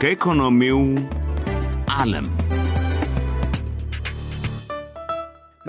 ከኢኮኖሚው ዓለም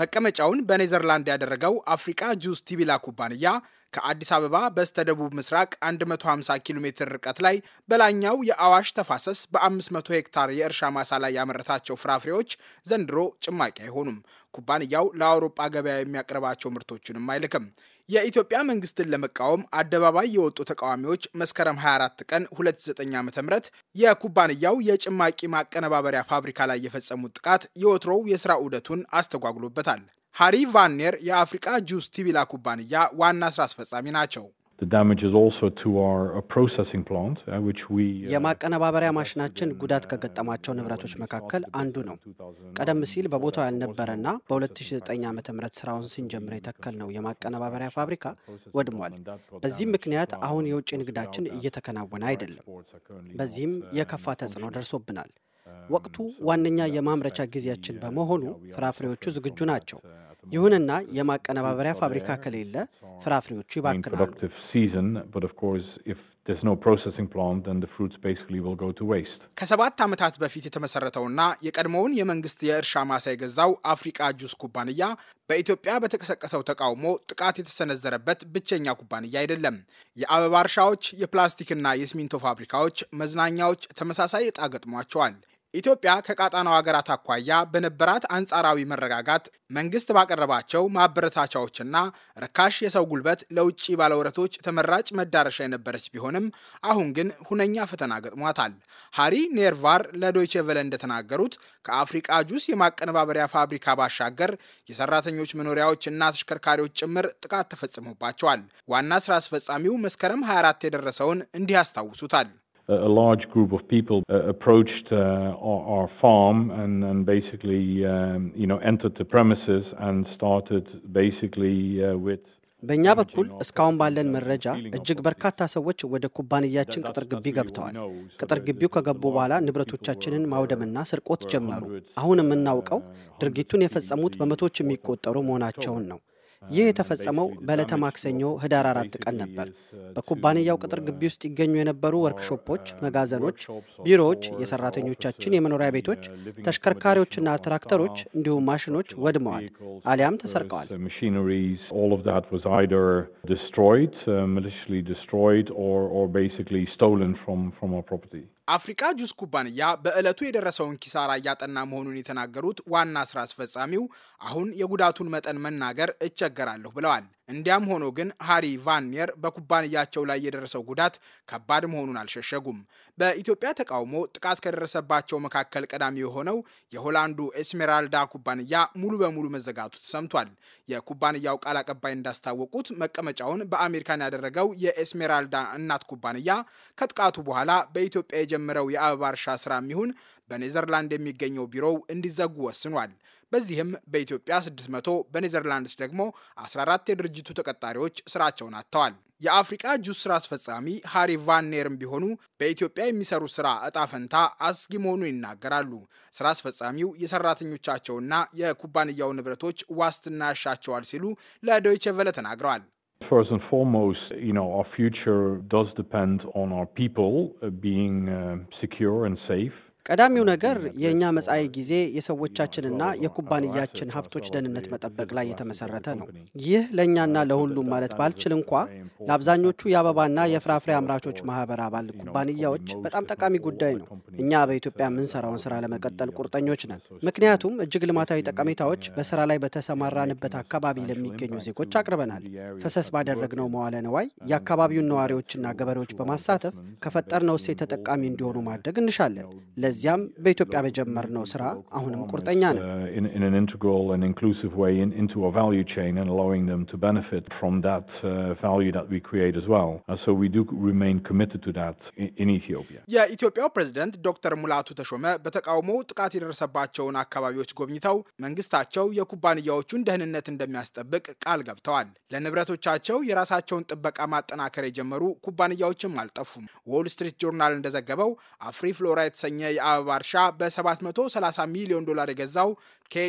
መቀመጫውን በኔዘርላንድ ያደረገው አፍሪካ ጁስ ቲቢላ ኩባንያ ከአዲስ አበባ በስተደቡብ ምስራቅ 150 ኪሎ ሜትር ርቀት ላይ በላይኛው የአዋሽ ተፋሰስ በ500 ሄክታር የእርሻ ማሳ ላይ ያመረታቸው ፍራፍሬዎች ዘንድሮ ጭማቂ አይሆኑም። ኩባንያው ለአውሮፓ ገበያ የሚያቀርባቸው ምርቶችንም አይልክም። የኢትዮጵያ መንግስትን ለመቃወም አደባባይ የወጡ ተቃዋሚዎች መስከረም 24 ቀን 29 ዓ ም የኩባንያው የጭማቂ ማቀነባበሪያ ፋብሪካ ላይ የፈጸሙት ጥቃት የወትሮው የስራ ዑደቱን አስተጓጉሎበታል። ሃሪ ቫኔር የአፍሪቃ ጁስ ቲቢላ ኩባንያ ዋና ስራ አስፈጻሚ ናቸው። Uh, uh, uh, የማቀነባበሪያ ማሽናችን ጉዳት ከገጠማቸው ንብረቶች መካከል አንዱ ነው። ቀደም ሲል በቦታው ያልነበረና በ2009 ዓ ም ስራውን ስንጀምር ነው የማቀነባበሪያ ፋብሪካ ወድሟል። በዚህም ምክንያት አሁን የውጭ ንግዳችን እየተከናወነ አይደለም። በዚህም የከፋ ተጽዕኖ ደርሶብናል። ወቅቱ ዋነኛ የማምረቻ ጊዜያችን በመሆኑ ፍራፍሬዎቹ ዝግጁ ናቸው። ይሁንና የማቀነባበሪያ ፋብሪካ ከሌለ ፍራፍሬዎቹ ይባክናሉ። ከሰባት ዓመታት በፊት የተመሰረተውና የቀድሞውን የመንግስት የእርሻ ማሳ የገዛው አፍሪካ ጁስ ኩባንያ በኢትዮጵያ በተቀሰቀሰው ተቃውሞ ጥቃት የተሰነዘረበት ብቸኛ ኩባንያ አይደለም። የአበባ እርሻዎች፣ የፕላስቲክና የሲሚንቶ ፋብሪካዎች፣ መዝናኛዎች ተመሳሳይ ዕጣ ገጥሟቸዋል። ኢትዮጵያ ከቀጣናው ሀገራት አኳያ በነበራት አንጻራዊ መረጋጋት መንግስት ባቀረባቸው ማበረታቻዎችና ርካሽ የሰው ጉልበት ለውጭ ባለውረቶች ተመራጭ መዳረሻ የነበረች ቢሆንም አሁን ግን ሁነኛ ፈተና ገጥሟታል። ሃሪ ኔርቫር ለዶይቼ ቨለ እንደተናገሩት ከአፍሪቃ ጁስ የማቀነባበሪያ ፋብሪካ ባሻገር የሰራተኞች መኖሪያዎች እና ተሽከርካሪዎች ጭምር ጥቃት ተፈጽሞባቸዋል። ዋና ስራ አስፈጻሚው መስከረም 24 የደረሰውን እንዲህ ያስታውሱታል። a large group of people uh, approached uh, our, our farm and, and basically, um, you know, entered the premises and started basically uh, with በእኛ በኩል እስካሁን ባለን uh, መረጃ እጅግ በርካታ ሰዎች ወደ ኩባንያችን ቅጥር ግቢ ገብተዋል። ቅጥር ግቢው ከገቡ በኋላ ንብረቶቻችንን ማውደምና uh, ስርቆት ጀመሩ። አሁን የምናውቀው uh, ድርጊቱን የፈጸሙት በመቶዎች የሚቆጠሩ መሆናቸውን ነው። ይህ የተፈጸመው በዕለተ ማክሰኞ ህዳር አራት ቀን ነበር። በኩባንያው ቅጥር ግቢ ውስጥ ይገኙ የነበሩ ወርክሾፖች፣ መጋዘኖች፣ ቢሮዎች፣ የሰራተኞቻችን የመኖሪያ ቤቶች፣ ተሽከርካሪዎችና ትራክተሮች እንዲሁም ማሽኖች ወድመዋል አሊያም ተሰርቀዋል። አፍሪካ ጁስ ኩባንያ በዕለቱ የደረሰውን ኪሳራ እያጠና መሆኑን የተናገሩት ዋና ስራ አስፈጻሚው አሁን የጉዳቱን መጠን መናገር እቸግ እናገራለሁ ብለዋል። እንዲያም ሆኖ ግን ሃሪ ቫንየር በኩባንያቸው ላይ የደረሰው ጉዳት ከባድ መሆኑን አልሸሸጉም። በኢትዮጵያ ተቃውሞ ጥቃት ከደረሰባቸው መካከል ቀዳሚ የሆነው የሆላንዱ ኤስሜራልዳ ኩባንያ ሙሉ በሙሉ መዘጋቱ ተሰምቷል። የኩባንያው ቃል አቀባይ እንዳስታወቁት መቀመጫውን በአሜሪካን ያደረገው የኤስሜራልዳ እናት ኩባንያ ከጥቃቱ በኋላ በኢትዮጵያ የጀመረው የአበባ እርሻ ስራ የሚሆን በኔዘርላንድ የሚገኘው ቢሮው እንዲዘጉ ወስኗል። በዚህም በኢትዮጵያ 600 በኔዘርላንድስ ደግሞ 14 የድርጅቱ ተቀጣሪዎች ስራቸውን አጥተዋል። የአፍሪቃ ጁስ ስራ አስፈጻሚ ሃሪ ቫን ኔርም ቢሆኑ በኢትዮጵያ የሚሰሩ ስራ እጣ ፈንታ አስጊ መሆኑን ይናገራሉ። ስራ አስፈጻሚው የሰራተኞቻቸውና የኩባንያው ንብረቶች ዋስትና ያሻቸዋል ሲሉ ለዶይቼ ቨለ ተናግረዋል። First and foremost, you know, our future does depend on our people uh, being uh, secure and safe. ቀዳሚው ነገር የእኛ መጻኢ ጊዜ የሰዎቻችንና የኩባንያችን ሀብቶች ደህንነት መጠበቅ ላይ የተመሰረተ ነው። ይህ ለእኛና ለሁሉም ማለት ባልችል እንኳ ለአብዛኞቹ የአበባና የፍራፍሬ አምራቾች ማህበር አባል ኩባንያዎች በጣም ጠቃሚ ጉዳይ ነው። እኛ በኢትዮጵያ የምንሰራውን ስራ ለመቀጠል ቁርጠኞች ነን። ምክንያቱም እጅግ ልማታዊ ጠቀሜታዎች በስራ ላይ በተሰማራንበት አካባቢ ለሚገኙ ዜጎች አቅርበናል። ፈሰስ ባደረግነው መዋለ ነዋይ የአካባቢውን ነዋሪዎችና ገበሬዎች በማሳተፍ ከፈጠርነው እሴት ተጠቃሚ እንዲሆኑ ማድረግ እንሻለን። ለዚያም በኢትዮጵያ በጀመርነው ስራ አሁንም ቁርጠኛ ነን። that we create as well. Uh, so we do remain committed to that in, in Ethiopia. የኢትዮጵያው ፕሬዝደንት ዶክተር ሙላቱ ተሾመ በተቃውሞ ጥቃት የደረሰባቸውን አካባቢዎች ጎብኝተው መንግስታቸው የኩባንያዎቹን ደህንነት እንደሚያስጠብቅ ቃል ገብተዋል። ለንብረቶቻቸው የራሳቸውን ጥበቃ ማጠናከር የጀመሩ ኩባንያዎችም አልጠፉም። ዎል ስትሪት ጆርናል እንደዘገበው አፍሪ ፍሎራ የተሰኘ የአበባ እርሻ በ730 ሚሊዮን ዶላር የገዛው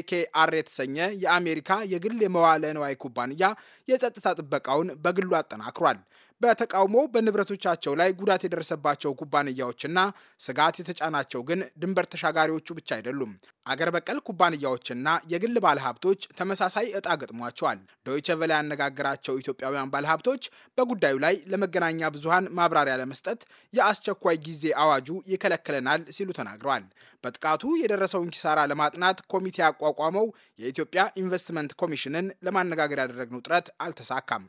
ኬኬአር የተሰኘ የአሜሪካ የግል የመዋለ ንዋይ ኩባንያ የጸጥታ ጥበቃውን በግሉ አጠናል ተጠናክሯል። በተቃውሞው በንብረቶቻቸው ላይ ጉዳት የደረሰባቸው ኩባንያዎችና ስጋት የተጫናቸው ግን ድንበር ተሻጋሪዎቹ ብቻ አይደሉም። አገር በቀል ኩባንያዎችና የግል ባለሀብቶች ተመሳሳይ እጣ ገጥሟቸዋል። ዶይቸ ቬለ ያነጋገራቸው ኢትዮጵያውያን ባለሀብቶች በጉዳዩ ላይ ለመገናኛ ብዙሃን ማብራሪያ ለመስጠት የአስቸኳይ ጊዜ አዋጁ ይከለክለናል ሲሉ ተናግረዋል። በጥቃቱ የደረሰውን ኪሳራ ለማጥናት ኮሚቴ ያቋቋመው የኢትዮጵያ ኢንቨስትመንት ኮሚሽንን ለማነጋገር ያደረግነው ጥረት አልተሳካም።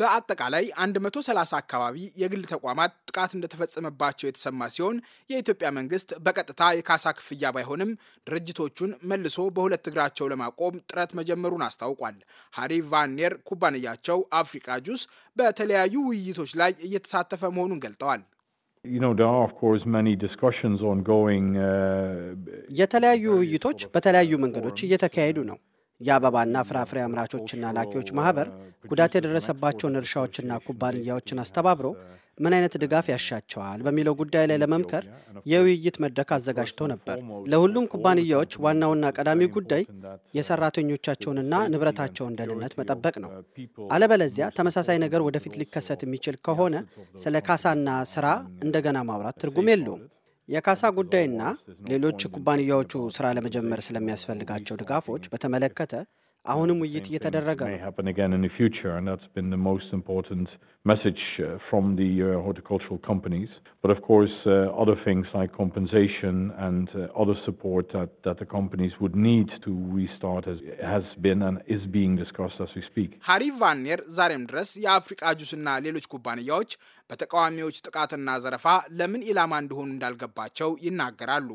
በአጠቃላይ 130 አካባቢ የግል ተቋማት ጥቃት እንደተፈጸመባቸው የተሰማ ሲሆን የኢትዮጵያ መንግስት በቀጥታ የካሳ ክፍያ ባይሆንም ድርጅቶቹን መልሶ በሁለት እግራቸው ለማቆም ጥረት መጀመሩን አስታውቋል። ሃሪ ቫኔር ኩባንያቸው አፍሪካ ጁስ በተለያዩ ውይይቶች ላይ እየተሳተፈ መሆኑን ገልጠዋል። uh, የተለያዩ ውይይቶች በተለያዩ መንገዶች እየተካሄዱ ነው። የአበባና ፍራፍሬ አምራቾችና ላኪዎች ማህበር ጉዳት የደረሰባቸውን እርሻዎችና ኩባንያዎችን አስተባብሮ ምን አይነት ድጋፍ ያሻቸዋል በሚለው ጉዳይ ላይ ለመምከር የውይይት መድረክ አዘጋጅቶ ነበር። ለሁሉም ኩባንያዎች ዋናውና ቀዳሚ ጉዳይ የሰራተኞቻቸውንና ንብረታቸውን ደህንነት መጠበቅ ነው። አለበለዚያ ተመሳሳይ ነገር ወደፊት ሊከሰት የሚችል ከሆነ ስለ ካሳና ስራ እንደገና ማውራት ትርጉም የለውም። የካሳ ጉዳይና ሌሎች ኩባንያዎቹ ስራ ለመጀመር ስለሚያስፈልጋቸው ድጋፎች በተመለከተ አሁንም ውይይት እየተደረገ ነው። ሃሪ ቫኔር uh, uh, uh, ዛሬም ድረስ የአፍሪቃ ጁስና ሌሎች ኩባንያዎች በተቃዋሚዎች ጥቃትና ዘረፋ ለምን ኢላማ እንደሆኑ እንዳልገባቸው ይናገራሉ።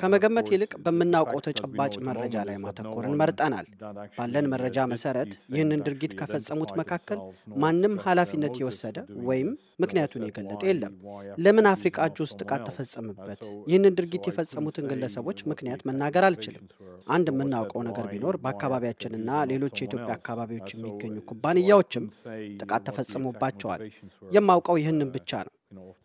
ከመገመት ይልቅ በምናውቀው ተጨባጭ መረጃ ላይ ማተኮር እንመርጠናል። ባለን መረጃ መሰረት ይህንን ድርጊት ከፈጸሙት መካከል ማንም ኃላፊነት የወሰደ ወይም ምክንያቱን የገለጠ የለም። ለምን አፍሪቃ ጁስ ጥቃት ተፈጸመበት? ይህንን ድርጊት የፈጸሙትን ግለሰቦች ምክንያት መናገር አልችልም። አንድ የምናውቀው ነገር ቢኖር በአካባቢያችንና ሌሎች የኢትዮጵያ አካባቢዎች የሚገኙ ኩባንያዎችም ጥቃት ተፈጽሞባቸዋል። የማውቀው ይህንን ብቻ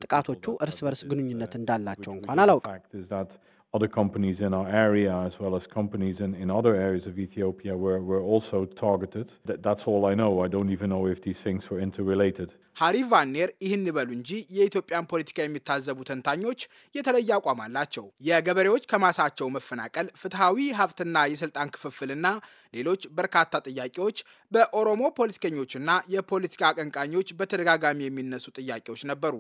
ጥቃቶቹ እርስ በርስ ግንኙነት እንዳላቸው እንኳን አላውቅም። other companies in our area, as well as companies in, in other areas of Ethiopia, were, were also targeted. That, that's all I know. I don't even know if these things were interrelated. ሃሪ ቫኔር ይህን ይበሉ እንጂ የኢትዮጵያን ፖለቲካ የሚታዘቡ ተንታኞች የተለየ አቋም አላቸው። የገበሬዎች ከማሳቸው መፈናቀል ፍትሐዊ ሀብትና የስልጣን ክፍፍልና ሌሎች በርካታ ጥያቄዎች በኦሮሞ ፖለቲከኞችና የፖለቲካ አቀንቃኞች በተደጋጋሚ የሚነሱ ጥያቄዎች ነበሩ።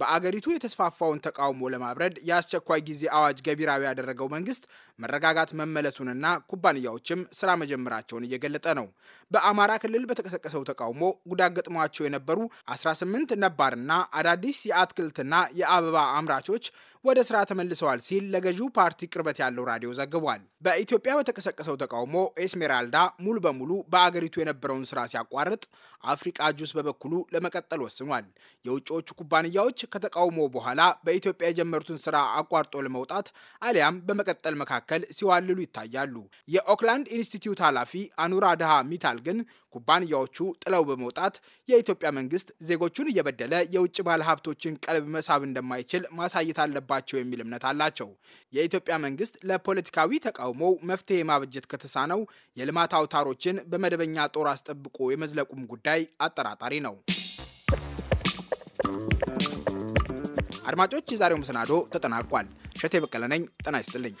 በአገሪቱ የተስፋፋውን ተቃውሞ ለማብረድ የአስቸኳይ ጊዜ አዋጅ ገቢራዊ ያደረገው መንግስት መረጋጋት መመለሱንና ኩባንያዎችም ስራ መጀመራቸውን እየገለጠ ነው። በአማራ ክልል በተቀሰቀሰው ተቃውሞ ጉዳት ገጥሟቸው የነበሩ 18 ነባርና አዳዲስ የአትክልትና የአበባ አምራቾች ወደ ስራ ተመልሰዋል ሲል ለገዢው ፓርቲ ቅርበት ያለው ራዲዮ ዘግቧል። በኢትዮጵያ በተቀሰቀሰው ተቃውሞ ኤስሜራልዳ ሙሉ በሙሉ በአገሪቱ የነበረውን ስራ ሲያቋርጥ፣ አፍሪቃ ጁስ በበኩሉ ለመቀጠል ወስኗል። የውጭዎቹ ኩባንያዎች ከተቃውሞ በኋላ በኢትዮጵያ የጀመሩትን ስራ አቋርጦ ለመውጣት አሊያም በመቀጠል መካከል ሲዋልሉ ይታያሉ። የኦክላንድ ኢንስቲትዩት ኃላፊ አኑራ ድሃ ሚታል ግን ኩባንያዎቹ ጥለው በመውጣት የኢትዮጵያ መንግስት ዜጎቹን እየበደለ የውጭ ባለሀብቶችን ቀልብ መሳብ እንደማይችል ማሳየት አለባት አለባቸው የሚል እምነት አላቸው። የኢትዮጵያ መንግስት ለፖለቲካዊ ተቃውሞው መፍትሄ ማብጀት ከተሳነው የልማት አውታሮችን በመደበኛ ጦር አስጠብቆ የመዝለቁም ጉዳይ አጠራጣሪ ነው። አድማጮች፣ የዛሬው መሰናዶ ተጠናቋል። እሸቴ በቀለ ነኝ። ጤና ይስጥልኝ።